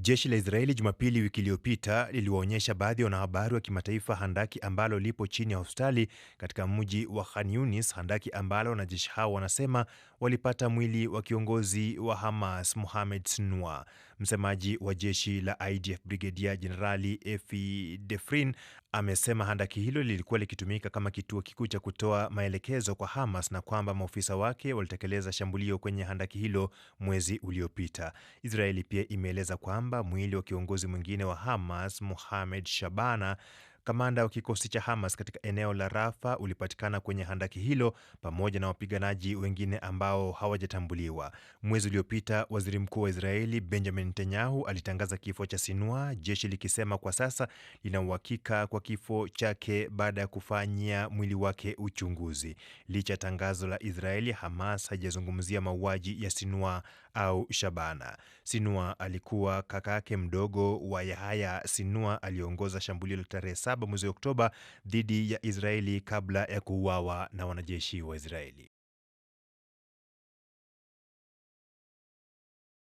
Jeshi la Israeli Jumapili wiki iliyopita liliwaonyesha baadhi ya wanahabari wa kimataifa handaki ambalo lipo chini ya hospitali katika mji wa Khan Yunis, handaki ambalo wanajeshi hao wanasema walipata mwili wa kiongozi wa Hamas Mohamed Sinwar. Msemaji wa jeshi la IDF Brigedia Jenerali Efi Defrin amesema handaki hilo lilikuwa likitumika kama kituo kikuu cha kutoa maelekezo kwa Hamas na kwamba maofisa wake walitekeleza shambulio kwenye handaki hilo mwezi uliopita. Israeli pia imeeleza kwamba mwili wa kiongozi mwingine wa Hamas, Mohamed Shabana Kamanda wa kikosi cha Hamas katika eneo la Rafa ulipatikana kwenye handaki hilo pamoja na wapiganaji wengine ambao hawajatambuliwa. Mwezi uliopita, waziri mkuu wa Israeli Benjamin Netanyahu alitangaza kifo cha sinua jeshi likisema kwa sasa lina uhakika kwa kifo chake baada ya kufanyia mwili wake uchunguzi. Licha ya tangazo la Israeli, Hamas haijazungumzia mauaji ya sinua au Shabana. sinua alikuwa kakaake mdogo wa Yahaya Sinua aliyoongoza shambulio la tarehe 17 mwezi Oktoba dhidi ya Israeli kabla ya kuuawa na wanajeshi wa Israeli.